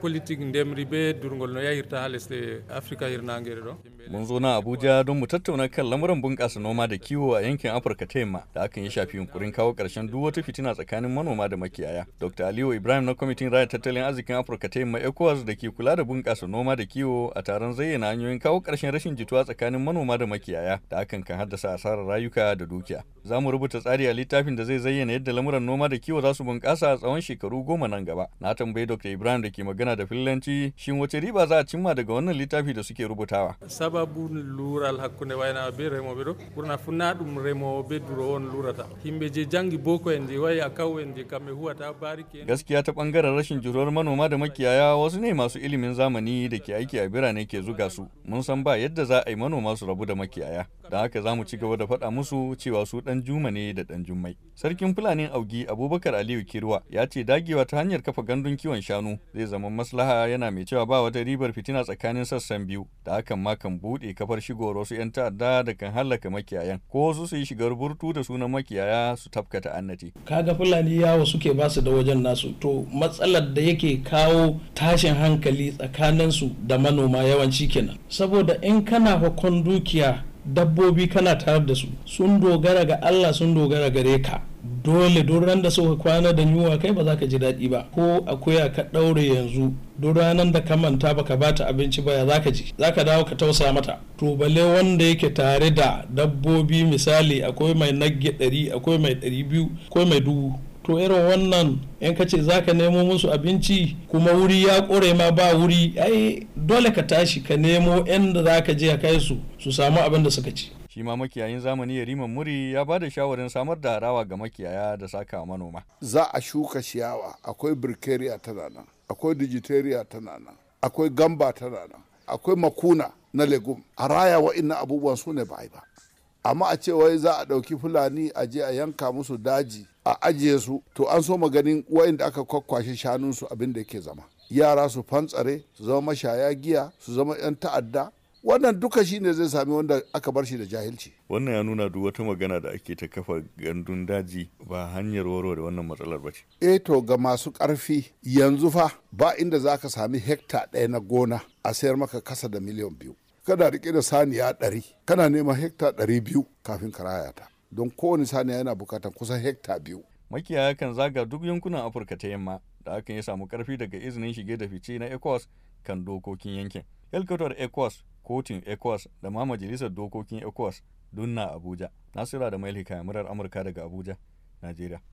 politique ndemri be durgol no yayirta ha lesɗe africa hirnangere ɗo mun zo na abuja don mu tattauna kan lamuran bunƙasa noma da kiwo a yankin afirka ta yamma da hakan ya shafi yunkurin kawo ƙarshen duk wata fitina tsakanin manoma da makiyaya dr aliyu ibrahim na kwamitin raya tattalin arzikin afirka ta yamma ecowas da ke kula da bunƙasa noma da kiwo a taron zayyana hanyoyin kawo ƙarshen rashin jituwa tsakanin manoma da makiyaya da hakan kan haddasa asarar rayuka da dukiya za mu rubuta tsari a littafin da zai zayyana yadda lamuran noma da kiwo za su bunƙasa a tsawon shekaru goma nan gaba na tambayi dr ibrahim da ke magana magana da fillanci shin wace riba za a cimma daga wannan littafi da suke rubutawa. Sababu lural be funa dum remo be duro on ta himbe je jangi boko en je en je ta bari ke Gaskiya ta bangaren rashin jiruwar manoma da makiyaya wasu ne masu ilimin zamani da ke aiki a birane ke zuga su. Mun san ba yadda za a yi manoma su rabu da makiyaya. Da haka za mu ci gaba da faɗa musu cewa su ɗan juma ne da ɗan jummai. Sarkin Fulanin Augi Abubakar Aliyu Kirwa ya ce dagewa ta hanyar kafa gandun kiwon shanu zai zama maslaha yana mai cewa ba wata ribar fitina tsakanin sassan biyu da hakan ma kan buɗe kafar shigowar wasu 'yan ta'adda da kan hallaka makiyayan ko wasu su yi shigar burtu da sunan makiyaya su tafkata annati. Kaga Fulani yawo suke ba su da wajen nasu to matsalar da yake kawo tashin hankali tsakanin su da manoma yawanci kenan saboda in kana hukun dukiya dabbobi kana tare da su sun dogara ga Allah sun dogara gare ka dole duk ran da suka kwana da yunwa kai ba za ka ji daɗi ba ko akuya ka ɗaure yanzu duk ranar da ka manta baka bata abinci ba ya za ka ji za ka dawo ka tausa mata to balle wanda yake tare da dabbobi misali akwai mai nagge ɗari akwai mai ɗari biyu akwai mai dubu to irin wannan in ka ce za ka nemo musu abinci kuma wuri ya ƙure ma ba wuri ai dole ka tashi ka nemo yadda za ka je ka kai su su samu abin da suka ci shi ma makiyayin zamani yariman muri ya ba da shawarin samar da harawa ga makiyaya da saka manoma za a shuka shiyawa akwai birkeriya tana nan akwai digiteriya tana nan akwai gamba tana nan akwai makuna na legum a raya wa'in abubuwan su ne ba ba amma a ce wai za a ɗauki fulani a je a yanka musu daji a ajiye su to an so maganin wa'in da aka kwakwashe su abin da ke zama yara su fantsare su zama mashaya giya su zama 'yan ta'adda wannan duka shi ne zai sami wanda aka bar shi da jahilci wannan ya nuna duk wata magana da ake ta kafa gandun daji ba hanyar da wannan matsalar ba ce eh to ga masu karfi yanzu fa ba inda za ka sami hekta ɗaya na gona a sayar maka kasa da miliyan biyu kana rike da saniya ɗari kana neman hekta ɗari biyu kafin ka raya ta don kowane saniya yana bukatar kusan hekta biyu makiyaya kan zaga duk yankunan afirka ta yamma da hakan ya samu karfi daga izinin shige da fice na ecowas kan dokokin yankin helkatar ecowas kotun ecowas da ma majalisar dokokin ecowas dunna abuja nasira da mailika murar amurka daga abuja najeriya